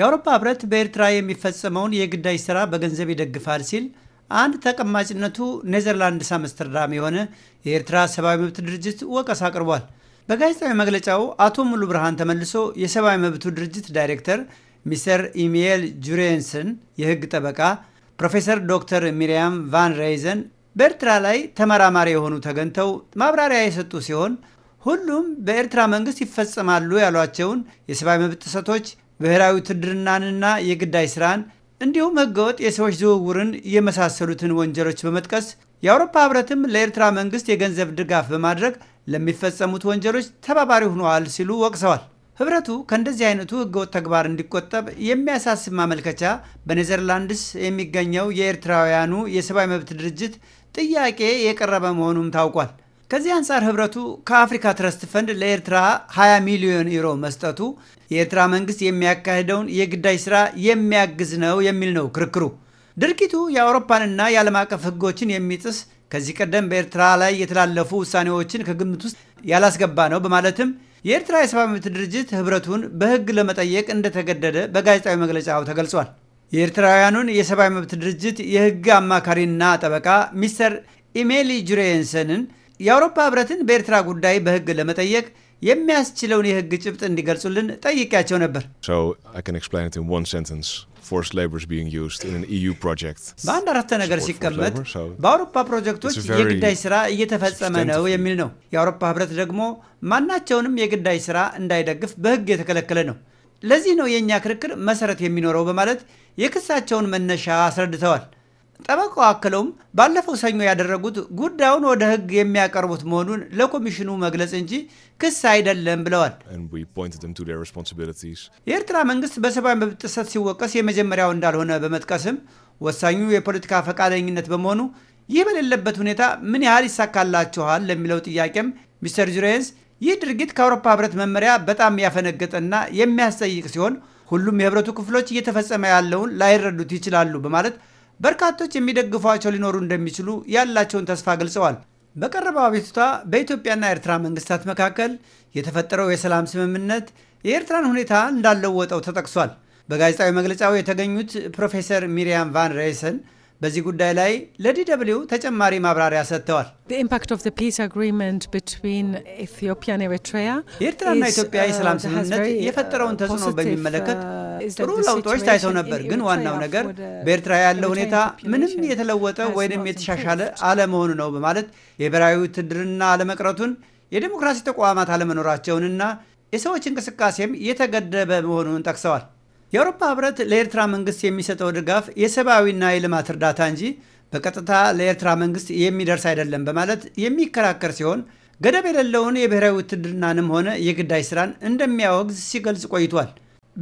የአውሮፓ ህብረት በኤርትራ የሚፈጸመውን የግዳጅ ስራ በገንዘብ ይደግፋል ሲል አንድ ተቀማጭነቱ ኔዘርላንድስ አምስተርዳም የሆነ የኤርትራ ሰብአዊ መብት ድርጅት ወቀሳ አቅርቧል። በጋዜጣዊ መግለጫው አቶ ሙሉ ብርሃን ተመልሶ የሰብአዊ መብቱ ድርጅት ዳይሬክተር ሚስተር ኢሚኤል ጁሬንስን፣ የህግ ጠበቃ ፕሮፌሰር ዶክተር ሚሪያም ቫን ሬይዘን በኤርትራ ላይ ተመራማሪ የሆኑ ተገኝተው ማብራሪያ የሰጡ ሲሆን ሁሉም በኤርትራ መንግስት ይፈጸማሉ ያሏቸውን የሰብአዊ መብት ጥሰቶች ብሔራዊ ውትድርናንና የግዳይ ስራን እንዲሁም ህገወጥ የሰዎች ዝውውርን የመሳሰሉትን ወንጀሎች በመጥቀስ የአውሮፓ ህብረትም ለኤርትራ መንግስት የገንዘብ ድጋፍ በማድረግ ለሚፈጸሙት ወንጀሎች ተባባሪ ሆነዋል ሲሉ ወቅሰዋል። ህብረቱ ከእንደዚህ አይነቱ ህገወጥ ተግባር እንዲቆጠብ የሚያሳስብ ማመልከቻ በኔዘርላንድስ የሚገኘው የኤርትራውያኑ የሰብአዊ መብት ድርጅት ጥያቄ የቀረበ መሆኑም ታውቋል። ከዚህ አንጻር ህብረቱ ከአፍሪካ ትረስት ፈንድ ለኤርትራ 20 ሚሊዮን ዩሮ መስጠቱ የኤርትራ መንግስት የሚያካሂደውን የግዳጅ ስራ የሚያግዝ ነው የሚል ነው ክርክሩ። ድርጊቱ የአውሮፓንና የዓለም አቀፍ ህጎችን የሚጥስ ከዚህ ቀደም በኤርትራ ላይ የተላለፉ ውሳኔዎችን ከግምት ውስጥ ያላስገባ ነው በማለትም የኤርትራ የሰብአዊ መብት ድርጅት ህብረቱን በህግ ለመጠየቅ እንደተገደደ በጋዜጣዊ መግለጫው ተገልጿል። የኤርትራውያኑን የሰብአዊ መብት ድርጅት የህግ አማካሪና ጠበቃ ሚስተር ኢሜሊ ጁሬንሰንን የአውሮፓ ህብረትን በኤርትራ ጉዳይ በህግ ለመጠየቅ የሚያስችለውን የህግ ጭብጥ እንዲገልጹልን ጠይቄያቸው ነበር። e በአንድ አረፍተ ነገር ሲቀመጥ በአውሮፓ ፕሮጀክቶች የግዳጅ ስራ እየተፈጸመ ነው የሚል ነው። የአውሮፓ ህብረት ደግሞ ማናቸውንም የግዳጅ ስራ እንዳይደግፍ በህግ የተከለከለ ነው። ለዚህ ነው የእኛ ክርክር መሰረት የሚኖረው በማለት የክሳቸውን መነሻ አስረድተዋል። ጠበቃው አክለውም ባለፈው ሰኞ ያደረጉት ጉዳዩን ወደ ሕግ የሚያቀርቡት መሆኑን ለኮሚሽኑ መግለጽ እንጂ ክስ አይደለም ብለዋል። የኤርትራ መንግስት በሰብአዊ መብት ጥሰት ሲወቀስ የመጀመሪያው እንዳልሆነ በመጥቀስም ወሳኙ የፖለቲካ ፈቃደኝነት በመሆኑ ይህ በሌለበት ሁኔታ ምን ያህል ይሳካላችኋል ለሚለው ጥያቄም ሚስተር ጁሬንስ ይህ ድርጊት ከአውሮፓ ህብረት መመሪያ በጣም ያፈነገጠና የሚያስጠይቅ ሲሆን ሁሉም የህብረቱ ክፍሎች እየተፈጸመ ያለውን ላይረዱት ይችላሉ በማለት በርካቶች የሚደግፏቸው ሊኖሩ እንደሚችሉ ያላቸውን ተስፋ ገልጸዋል። በቀረበው አቤቱታ በኢትዮጵያና ኤርትራ መንግስታት መካከል የተፈጠረው የሰላም ስምምነት የኤርትራን ሁኔታ እንዳለወጠው ተጠቅሷል። በጋዜጣዊ መግለጫው የተገኙት ፕሮፌሰር ሚሪያም ቫን ሬይሰን በዚህ ጉዳይ ላይ ለዲደብሊው ተጨማሪ ማብራሪያ ሰጥተዋል። የኤርትራና ኢትዮጵያ uh, የሰላም ስምምነት uh, የፈጠረውን ተጽዕኖ በሚመለከት uh, ጥሩ ለውጦች ታይተው ነበር። ግን ዋናው ነገር በኤርትራ ያለው ሁኔታ ምንም የተለወጠ ወይንም የተሻሻለ አለመሆኑ ነው በማለት የብሔራዊ ውትድርና አለመቅረቱን፣ የዲሞክራሲ ተቋማት አለመኖራቸውንና የሰዎች እንቅስቃሴም የተገደበ መሆኑን ጠቅሰዋል። የአውሮፓ ህብረት ለኤርትራ መንግስት የሚሰጠው ድጋፍ የሰብአዊና የልማት እርዳታ እንጂ በቀጥታ ለኤርትራ መንግስት የሚደርስ አይደለም በማለት የሚከራከር ሲሆን ገደብ የሌለውን የብሔራዊ ውትድርናንም ሆነ የግዳጅ ስራን እንደሚያወግዝ ሲገልጽ ቆይቷል።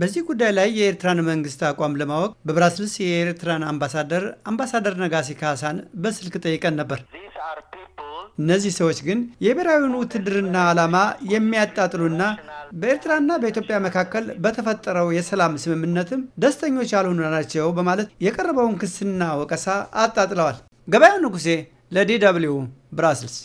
በዚህ ጉዳይ ላይ የኤርትራን መንግስት አቋም ለማወቅ በብራስልስ የኤርትራን አምባሳደር አምባሳደር ነጋሲ ካሳን በስልክ ጠይቀን ነበር። እነዚህ ሰዎች ግን የብሔራዊውን ውትድርና ዓላማ የሚያጣጥሉና በኤርትራና በኢትዮጵያ መካከል በተፈጠረው የሰላም ስምምነትም ደስተኞች ያልሆኑ ናቸው በማለት የቀረበውን ክስና ወቀሳ አጣጥለዋል። ገበያው ንጉሴ ለዲ ደብልዩ ብራስልስ